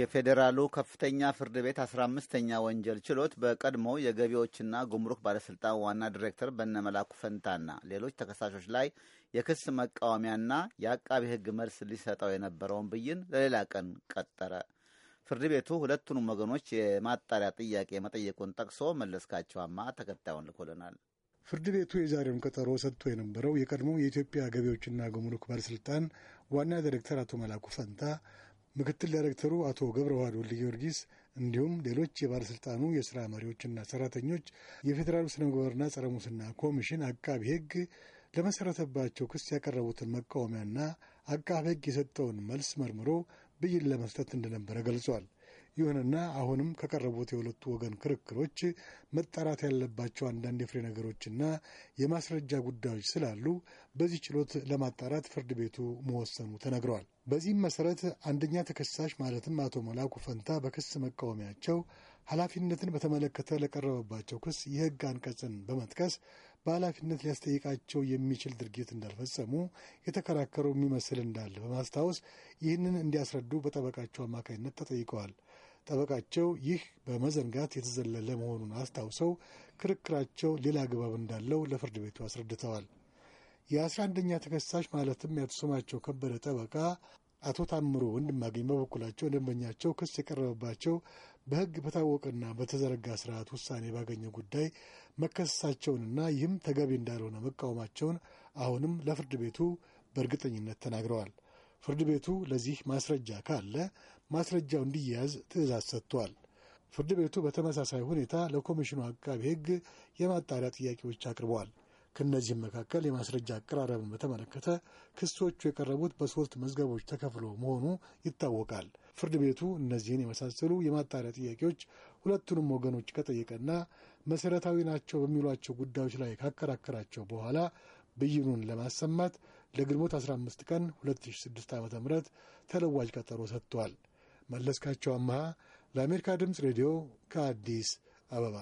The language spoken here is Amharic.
የፌዴራሉ ከፍተኛ ፍርድ ቤት 15 አምስተኛ ወንጀል ችሎት በቀድሞው የገቢዎችና ጉምሩክ ባለስልጣን ዋና ዲሬክተር በነመላኩ ፈንታና ሌሎች ተከሳሾች ላይ የክስ መቃወሚያና የአቃቢ ሕግ መልስ ሊሰጠው የነበረውን ብይን ለሌላ ቀን ቀጠረ። ፍርድ ቤቱ ሁለቱንም ወገኖች የማጣሪያ ጥያቄ መጠየቁን ጠቅሶ መለስካቸዋማ ተከታዩን ልኮልናል። ፍርድ ቤቱ የዛሬውን ቀጠሮ ሰጥቶ የነበረው የቀድሞ የኢትዮጵያ ገቢዎችና ጉምሩክ ባለስልጣን ዋና ዳይሬክተር አቶ መላኩ ፈንታ፣ ምክትል ዳይሬክተሩ አቶ ገብረ ወልደ ጊዮርጊስ እንዲሁም ሌሎች የባለስልጣኑ የስራ መሪዎችና ሰራተኞች የፌዴራሉ ሥነ ምግባርና ጸረ ሙስና ኮሚሽን አቃቢ ሕግ ለመሰረተባቸው ክስ ያቀረቡትን መቃወሚያና አቃቢ ሕግ የሰጠውን መልስ መርምሮ ብይን ለመስጠት እንደነበረ ገልጿል። ይሁንና አሁንም ከቀረቡት የሁለቱ ወገን ክርክሮች መጣራት ያለባቸው አንዳንድ የፍሬ ነገሮችና የማስረጃ ጉዳዮች ስላሉ በዚህ ችሎት ለማጣራት ፍርድ ቤቱ መወሰኑ ተነግረዋል። በዚህም መሰረት አንደኛ ተከሳሽ ማለትም አቶ መላኩ ፈንታ በክስ መቃወሚያቸው ኃላፊነትን በተመለከተ ለቀረበባቸው ክስ የሕግ አንቀጽን በመጥቀስ በኃላፊነት ሊያስጠይቃቸው የሚችል ድርጊት እንዳልፈጸሙ የተከራከሩ የሚመስል እንዳለ በማስታወስ ይህንን እንዲያስረዱ በጠበቃቸው አማካኝነት ተጠይቀዋል። ጠበቃቸው ይህ በመዘንጋት የተዘለለ መሆኑን አስታውሰው ክርክራቸው ሌላ አግባብ እንዳለው ለፍርድ ቤቱ አስረድተዋል። የአስራ አንደኛ ተከሳሽ ማለትም የአቶ ስማቸው ከበደ ጠበቃ አቶ ታምሮ ወንድማገኝ በበኩላቸው ደንበኛቸው ክስ የቀረበባቸው በሕግ በታወቀና በተዘረጋ ስርዓት ውሳኔ ባገኘ ጉዳይ መከሰሳቸውንና ይህም ተገቢ እንዳልሆነ መቃወማቸውን አሁንም ለፍርድ ቤቱ በእርግጠኝነት ተናግረዋል። ፍርድ ቤቱ ለዚህ ማስረጃ ካለ ማስረጃው እንዲያያዝ ትእዛዝ ሰጥቷል። ፍርድ ቤቱ በተመሳሳይ ሁኔታ ለኮሚሽኑ አቃቢ ሕግ የማጣሪያ ጥያቄዎች አቅርበዋል። ከእነዚህም መካከል የማስረጃ አቀራረብን በተመለከተ ክሶቹ የቀረቡት በሶስት መዝገቦች ተከፍሎ መሆኑ ይታወቃል። ፍርድ ቤቱ እነዚህን የመሳሰሉ የማጣሪያ ጥያቄዎች ሁለቱንም ወገኖች ከጠየቀና መሰረታዊ ናቸው በሚሏቸው ጉዳዮች ላይ ካከራከራቸው በኋላ ብይኑን ለማሰማት ለግንቦት 15 ቀን 2006 ዓ ም ተለዋጅ ቀጠሮ ሰጥቷል። መለስካቸው አመሃ ለአሜሪካ ድምፅ ሬዲዮ ከአዲስ አበባ